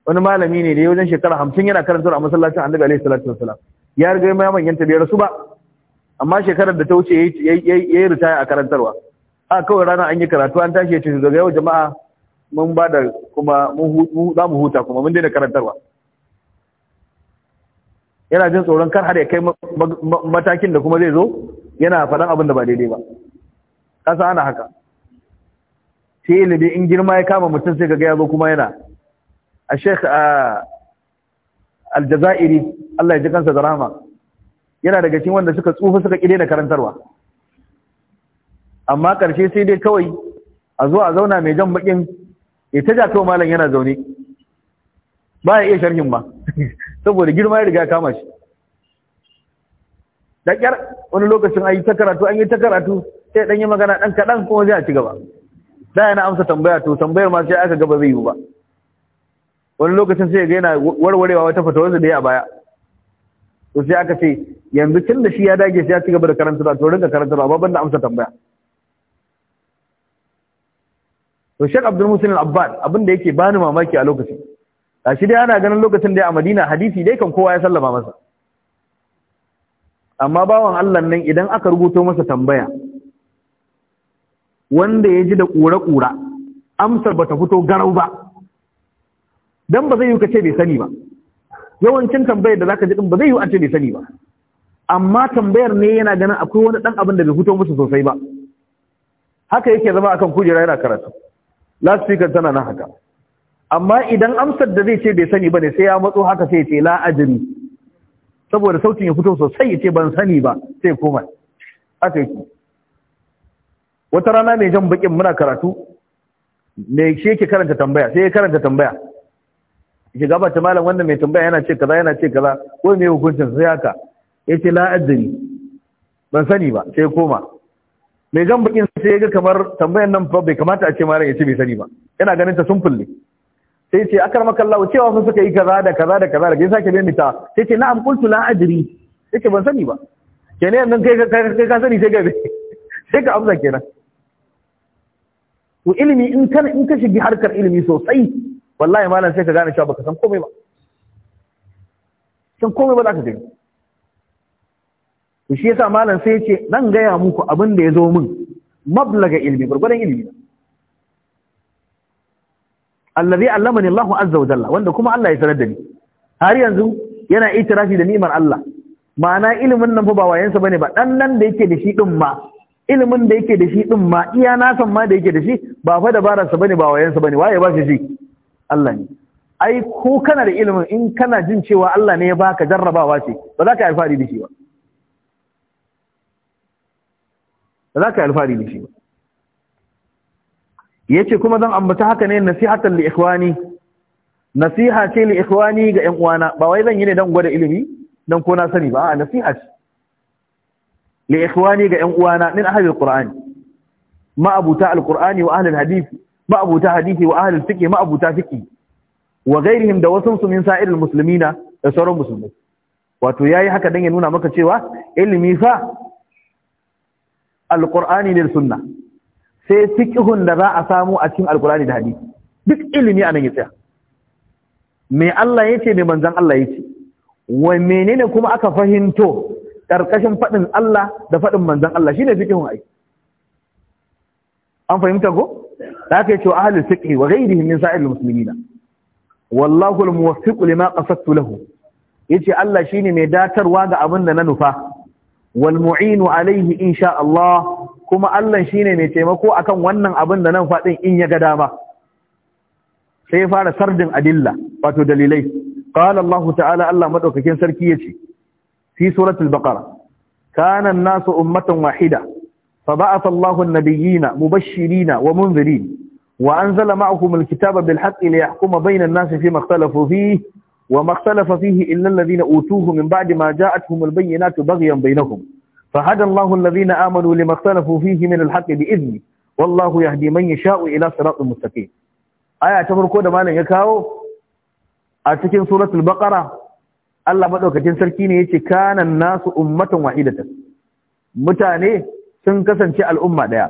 wani malami ne da ya wajen shekara 50 yana karantar a masallacin Annabi alaihi salatu wasalam ya riga ya ta bai rasu ba amma shekarar da ta wuce ya yayi ritaya a karantarwa a kawai rana an yi karatu an tashi ya ce daga yau jama'a mun ba da kuma za mu huta kuma mun daina karantarwa yana jin tsoron kar har ya kai matakin da kuma zai zo yana faɗan abin da ba daidai ba ƙasa ana haka shi ilimi in girma ya kama mutum sai ga gaya zo kuma yana a sheikh aljazairi Allah ya ji kansa da rahama yana daga cikin wanda suka tsufa suka kide da karantarwa amma ƙarshe sai dai kawai a zo a zauna mai jan bakin ya ta ja malam yana zaune ba ya iya sharhin ba <laughs> saboda girma ya riga kama shi da ƙyar wani lokacin ayi yi ta karatu an yi ta karatu sai ɗan yi magana ɗan kaɗan kuma zai a ci gaba da yana amsa tambaya to tambayar ma sai aka gaba zai yi ba wani lokacin sai ga yana warwarewa wata wanda da ya baya to sai aka ce yanzu tun da shi ya dage sai ya ci gaba da karantarwa to rinka karantarwa ba banda amsa tambaya to Sheikh Abdul muslim Al-Abbad abinda yake bani mamaki a lokacin shi dai ana ganin lokacin da a Madina hadisi dai kan kowa ya sallama masa amma bawan Allah nan idan aka rubuto masa tambaya wanda ya ji da ƙura-ƙura amsar ba ta fito garau ba don ba zai yi kace bai sani ba yawancin tambayar da za ka ji ɗin ba zai yi an ce bai sani ba amma tambayar ne yana ganin akwai wani ɗan abin da bai fito musu sosai ba haka yake zama akan kujera yana karatu last tana nan haka amma idan amsar da zai ce bai sani ba ne sai ya matso haka sai ce la ajiri saboda sautin ya fito sosai ya ce ban sani ba sai koma aka yi wata rana mai jan bakin muna karatu mai shi yake karanta tambaya sai ya karanta tambaya yake gabata malam wannan mai tambaya yana ce kaza yana ce kaza ko mai hukuncin sai haka ce la ajiri ban sani ba sai koma mai jan bakin sai ya ga kamar tambayan nan fa bai kamata a ce malam ya ce bai sani ba yana ganin ta sun fulle sai ce akar Allah cewa sun suka yi kaza da kaza da kaza da ke sake maimaita sai ce na'am qultu la adri yace ban sani ba kenan yanzu kai kai ka sani sai gabe sai ka amsa kenan to ilimi in kana in ka shigi harkar ilimi sosai wallahi malam sai ka gane cewa baka san komai ba san komai ba za ka gani to shi yasa malam sai ya ce nan gaya muku abin da ya zo min mablaga ilimi gurgurdan ilimi na allazi allamani Allahu azza wa jalla wanda kuma Allah ya sanar da ni har yanzu yana itirafi da ni'imar Allah ma'ana ilimin nan fa ba wayansa bane ba dan nan da yake da shi din ma ilimin da yake da shi din ma iya na san ma da yake da shi ba fa dabarar sa bane ba wayansa bane waye ba shi shi Allah ne ai ko kana da ilimin in kana jin cewa Allah ne ya baka jarrabawa ce ba za ka yi alfahari da shi ba ba za ka yi alfahari da shi ba Ya ce kuma zan ambata haka ne nasihatan li ikhwani nasiha ce li ikhwani ga ƴan uwana ba wai zan yi ne dan gwada ilimi dan ko na sani ba a nasiha ce li ikhwani ga ƴan uwana min ahli alqur'ani ma abuta alqur'ani wa ahli alhadith ma abuta hadithi wa ahli alfiqh ma abuta wa gairihim da wasu su min sa'ir almuslimina da sauran musulmai wato yayi haka dan ya nuna maka cewa ilimi fa alqur'ani ne sunna sai fiqhun da za a samu a cikin alkurani da hadisi duk ilimi anan ya tsaya me Allah yace me manzon Allah yace wa menene kuma aka fahimto karkashin fadin Allah da fadin manzon Allah shine fiqhun ai an fahimta ko da aka yace ahlul fiqh wa ghayrihim min sa'il muslimina wallahu al-muwaffiq lima qasadtu lahu yace Allah shine mai datarwa ga abin da na nufa wal mu'inu alaihi insha Allah kuma Allah shine mai taimako akan wannan abin da nan fadin in ya ga dama sai ya fara sardin adilla wato dalilai qala Allah ta'ala Allah madaukakin sarki yace fi suratul baqara kana an-nasu ummatan wahida Allahu an-nabiyina wa wa munzirin فبعث الله النبيين مبشرين ومنذرين وأنزل معهم الكتاب بالحق ليحكم بين ikhtalafu فيما wa ma ikhtalafa fihi illa alladhina الذين min ba'di ma ja'atuhum al-bayyinatu baghyan بينهم فهدى الله الذين آمنوا لما اختلفوا فيه من الحق بإذنه والله يهدي من يشاء إلى صراط مستقيم ta farko da malam ya kawo a cikin suratul baqara Allah madaukakin sarki ne yace kana nasu ummatan wahidatan mutane sun kasance al'umma daya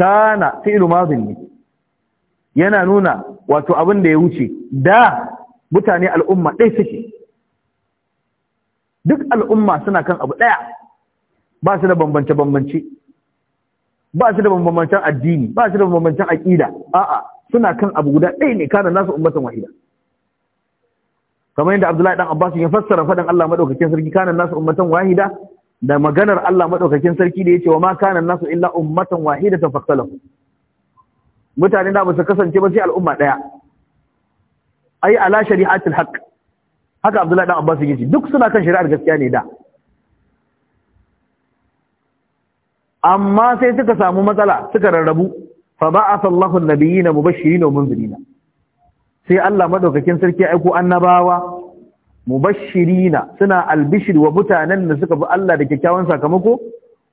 kana fi'lu madhin ne yana nuna wato abin da ya wuce da mutane al'umma ɗaya suke duk al'umma suna kan abu ɗaya ba su da bambance-bambance ba su da bambancen addini ba su da bambancen aƙida a'a suna kan abu guda ɗaya ne kana nasu ummatan wahida kamar yadda Abdullahi dan Abbas ya fassara faɗin Allah madaukakin sarki kana nasu ummatan wahida da maganar Allah madaukakin sarki da yace wa ma kana nasu illa ummatan ta fakkala mutane da ba su kasance ba sai al'umma daya ai ala shari'atul haqq haka Abdullahi dan Abbas yake duk suna kan shari'ar gaskiya ne da amma sai suka samu matsala suka rarrabu fa ba'atha Allahu an-nabiyina mubashirin wa munzirina sai Allah madaukakin sarki aiko annabawa mubashirina suna albishir wa mutanen da suka bi Allah da kyakkyawan sakamako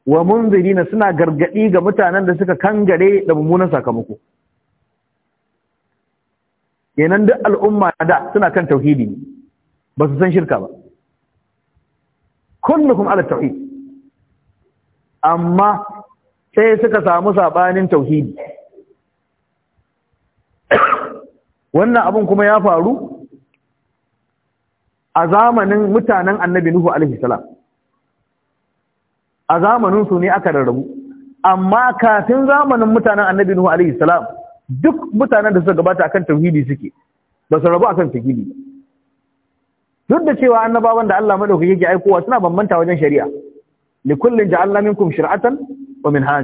wa munzirina suna gargadi ga mutanen da suka kangare da mummunan sakamako kenan duk al'umma da suna kan tauhidi ne ba su san shirka ba kullukum ala tauhid amma sai suka samu sabanin tauhidi wannan abin kuma ya faru a zamanin mutanen annabi nuhu alaihi salam a zamanin su ne aka rarrabu amma kafin zamanin mutanen annabi nuhu alaihi salam duk mutanen da suka gabata akan tauhidi suke ba su rabu akan tauhidi duk da cewa annabawan da Allah madaukaki yake aikowa suna bambanta wajen shari'a likullin ja'alna minkum shir'atan wa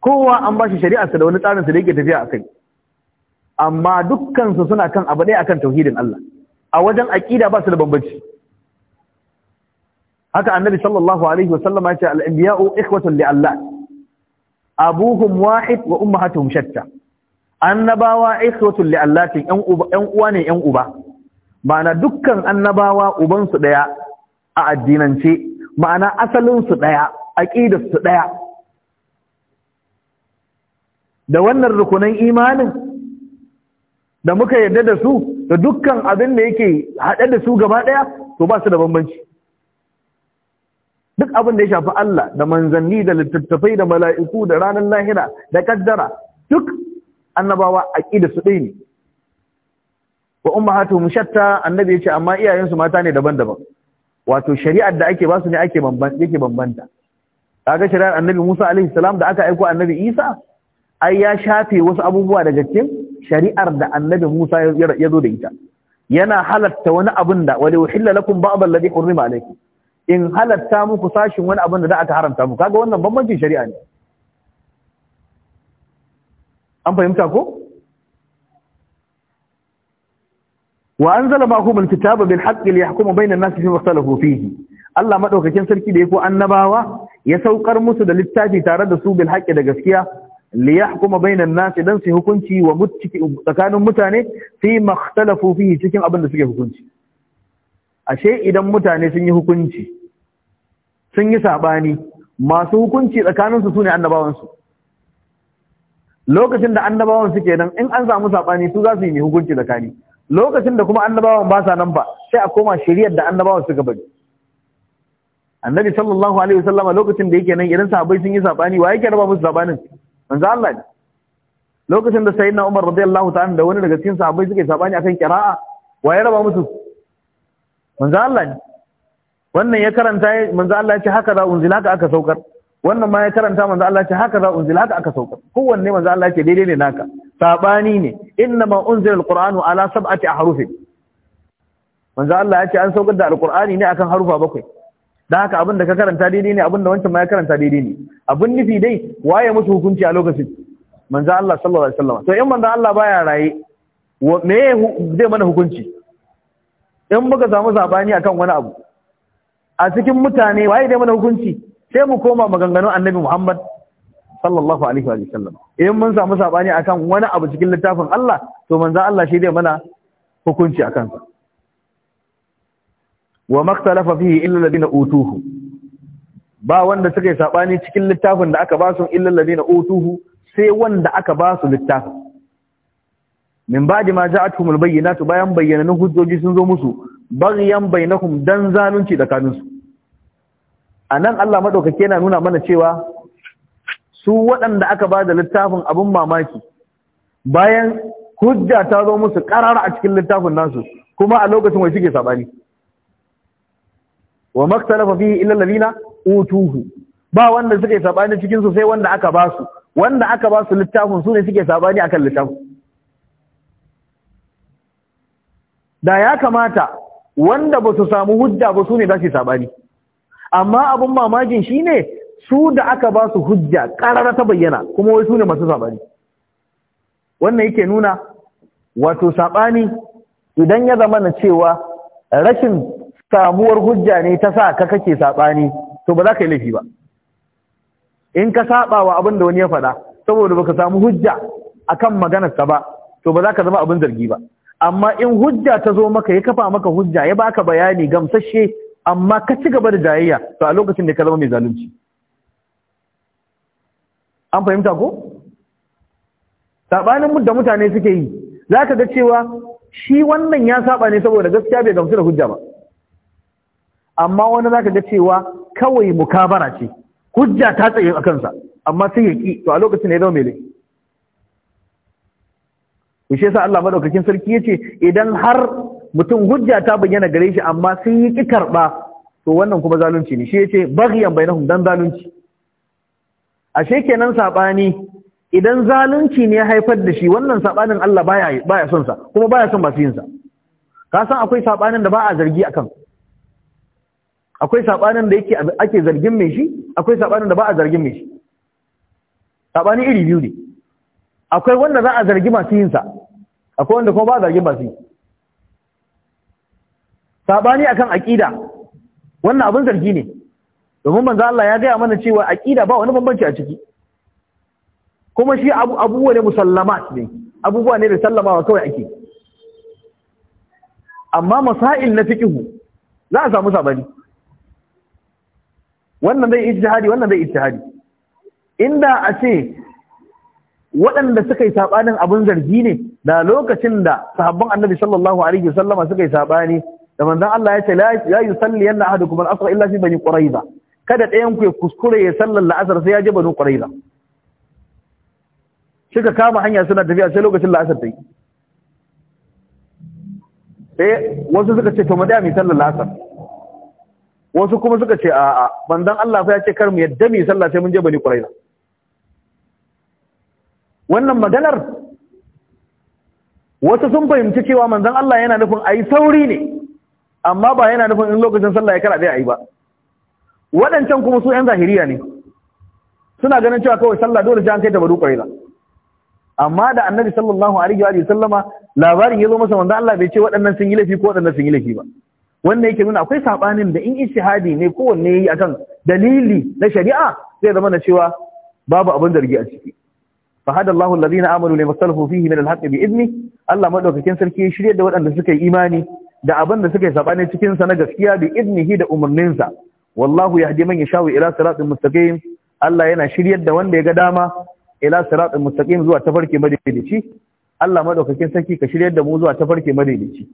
kowa an ba shi shari'arsa da wani tsarinsa da yake tafiya a kai amma dukkansu suna kan abu ɗaya akan tauhidin Allah a wajen aƙida ba su da bambanci haka annabi sallallahu alaihi wa sallama ya ce al-anbiya'u ikhwatun li Allah abuhum wahid wa ummahatuhum shatta annabawa ikhwatun li Allah yan uba yan uwa ne yan uba ma'ana dukkan annabawa ubansu ɗaya daya a addinance ma'ana asalinsu ɗaya aƙidarsu ɗaya da wannan rukunan imanin da muka yarda da su da dukkan abin da yake haɗe da su gaba ɗaya to ba su da bambanci duk abin da ya shafi Allah da manzanni da littattafai da mala'iku da ranar lahira da kaddara duk annabawa aƙida su ɗaya ne wa ummahatu mushatta annabi ya ce amma iyayensu mata ne daban-daban wato shari'ar da ake basu ne ake bambanta yake bambanta kaga shari'ar annabi Musa alaihi salam da aka aika annabi Isa ai ya shafe wasu abubuwa daga cikin shari'ar da annabi Musa ya zo da ita yana halatta wani abin da wala uhilla lakum ba'd alladhi hurrima alaykum in halatta muku sashin wani abin da aka haramta muku kaga wannan bambancin shari'a ne an fahimta ko wa anzala ma'hum alkitaba bil haqqi liyahkuma bainan nasi fima ikhtalafu fihi Allah madaukakin sarki da yako annabawa ya saukar musu da littafi tare da su bil haqqi da gaskiya liyahkuma bainan nasi dan su hukunci wa mutciki tsakanin mutane fima ikhtalafu fihi cikin abin da suke hukunci ashe idan mutane sun yi hukunci sun yi sabani masu hukunci tsakaninsu su ne annabawansu lokacin da annabawan suke nan in an samu sabani su za su yi hukunci tsakani lokacin da kuma annabawan ba sa nan ba sai a koma shiriyar da annabawan suka bari annabi sallallahu alaihi wasallama lokacin da yake nan irin sahabbai sun yi sabani wa yake raba musu sabanin manzo Allah ne lokacin da sayyidina Umar radiyallahu ta'ala da wani daga cikin sahabbai yi sabani akan qira'a wa ya raba musu manzo Allah ne wannan ya karanta manzo Allah ya ce haka da unzila ka aka saukar wannan ma ya karanta manzo Allah ce haka za unzila haka aka sauka kowanne manzo Allah ce daidai ne naka sabani ne innama unzila alquranu ala sab'ati ahruf manzo Allah ya ce an saukar da alqurani ne akan harufa bakwai dan haka abinda ka karanta daidai ne abinda wancan ma ya karanta daidai ne abin nufi dai waye musu hukunci a lokacin manzo Allah sallallahu alaihi wasallam to in manzo Allah baya raye me zai mana hukunci in muka samu sabani akan wani abu a cikin mutane waye dai mana hukunci sai mu koma maganganun annabi Muhammad sallallahu alaihi wa sallam in mun samu sabani akan wani abu cikin littafin Allah to manzo Allah shi dai mana hukunci akan sa wa maktalafa fihi illa alladhina utuhu ba wanda suka yi sabani cikin littafin da aka ba su illa alladhina utuhu sai wanda aka ba su littafin min ba'di ma ja'atuhumul bayyinatu bayan bayyananun hujjoji sun zo musu baghyan bainahum dan zalunci tsakaninsu a nan Allah maɗaukake yana nuna mana cewa su waɗanda aka ba da littafin abin mamaki bayan hujja ta zo musu ƙarara a cikin littafin nasu kuma a lokacin wai suke saɓani wa maktalafa fihi illa allazina utuhu ba wanda suke saɓani cikin su sai wanda aka ba su wanda aka ba su littafin su ne suke saɓani akan littafin da ya kamata wanda ba su samu hujja ba su ne za su saɓani amma abin mamakin shine su da aka ba su hujja ƙarara ta bayyana kuma wai su ne masu saɓani wannan yake nuna wato saɓani idan ya zama na cewa rashin samuwar hujja ne ta sa ka kake saɓani to ba za ka yi laifi ba in ka saɓa wa abin da wani ya faɗa saboda ba ka samu hujja a akan maganarsa ba to ba za ka zama abin zargi ba amma in hujja ta zo maka ya kafa maka hujja ya baka bayani gamsashe amma ka ci gaba da jayayya to a lokacin da ka zama mai zalunci an fahimta ko sabanin da mutane suke yi zaka ga cewa shi wannan ya saba ne saboda gaskiya bai gamsu da hujja ba amma wani zaka ga cewa kawai mukabara ce hujja ta tsaye a kansa amma sai ya ki to a lokacin da ya zama mai laifi shi yasa Allah madaukakin sarki ya ce idan har mutum hujja ta bayyana gare shi amma sun yi ki karɓa to wannan kuma zalunci ne shi yace baghyan bainahum dan zalunci ashe kenan sabani idan zalunci ne ya haifar da shi wannan sabanin Allah baya baya son sa kuma baya son masu yin sa ka san akwai sabanin da ba a zargi akan akwai sabanin da yake ake zargin mai shi akwai sabanin da ba a zargin mai shi sabani iri biyu ne akwai wanda za a zargi masu yin sa akwai wanda kuma ba a zargi masu sa sabani akan aqida wannan abin zargi ne domin manzo Allah ya gaya mana cewa aqida ba wani bambanci a ciki kuma shi abubuwa ne musallamat ne abubuwa ne da sallamawa kawai ake amma masail na fiqhu za a samu sabani wannan zai ijtihadi wannan zai ijtihadi inda a ce waɗanda suka yi saɓanin abin zargi ne da lokacin da sahabban annabi sallallahu alaihi wasallama suka yi saɓani da manzan Allah ya ce ya salli yusalli yanna ahadukum kuma asr illa fi bani ba. kada ɗayan ku ya kuskure ya sallar la'asar sai ya je bani Shi suka kama hanya suna tafiya sai lokacin la'asar ta yi sai wasu suka ce to a mai sallar la'asar wasu kuma suka ce a'a manzan Allah fa ya ce kar mu yadda mu sallah sai mun je bani ba. wannan maganar wasu sun fahimci cewa manzan Allah yana nufin a yi sauri ne amma ba yana nufin in lokacin sallah ya karaɗe a yi ba waɗancan kuma su 'yan zahiriya ne suna ganin cewa kawai sallah dole sai an kai ta badu amma da annabi sallallahu alaihi wa sallama labarin ya zo masa wanda Allah bai ce waɗannan sun yi laifi ko waɗannan sun yi laifi ba wannan yake nuna akwai saɓanin da in ishihadi ne kowanne yi akan dalili na shari'a zai zama na cewa babu abin zargi a ciki fa hada Allahu alladhina amanu limastalahu fihi min alhaqqi bi izni. Allah madaukakin sarki ya shirya da waɗanda suka yi imani da abin da suka yi cikin sa na gaskiya bi iznihi da umarninsa wallahu yahdi man yasha ila siratin mustaqim Allah yana shiryar da wanda ya ga dama ila siratin mustaqim zuwa tafarki madaidaici Allah madaukakin sarki ka shiryar da mu zuwa tafarki madaidaici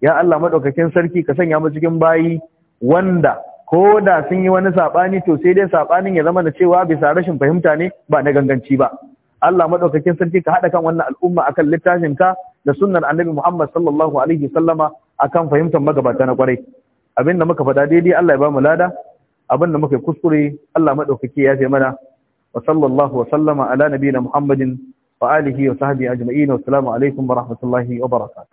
ya Allah madaukakin sarki ka sanya mu cikin bayi wanda ko da sun yi wani sabani to sai dai sabanin ya zama da cewa bisa rashin fahimta ne ba na ganganci ba Allah madaukakin sarki ka hada kan wannan al'umma akan littafin ka da sunnar annabi Muhammad sallallahu alaihi wasallama akan fahimtar magabata na kwarai abin da muka faɗa daidai Allah ya ba mu lada abin da muka kuskure Allah madaukake ya fi mana wa sallallahu wa sallama ala nabiyina Muhammadin wa alihi wa sahbihi ajma'in wa assalamu alaikum wa rahmatullahi wa barakatuh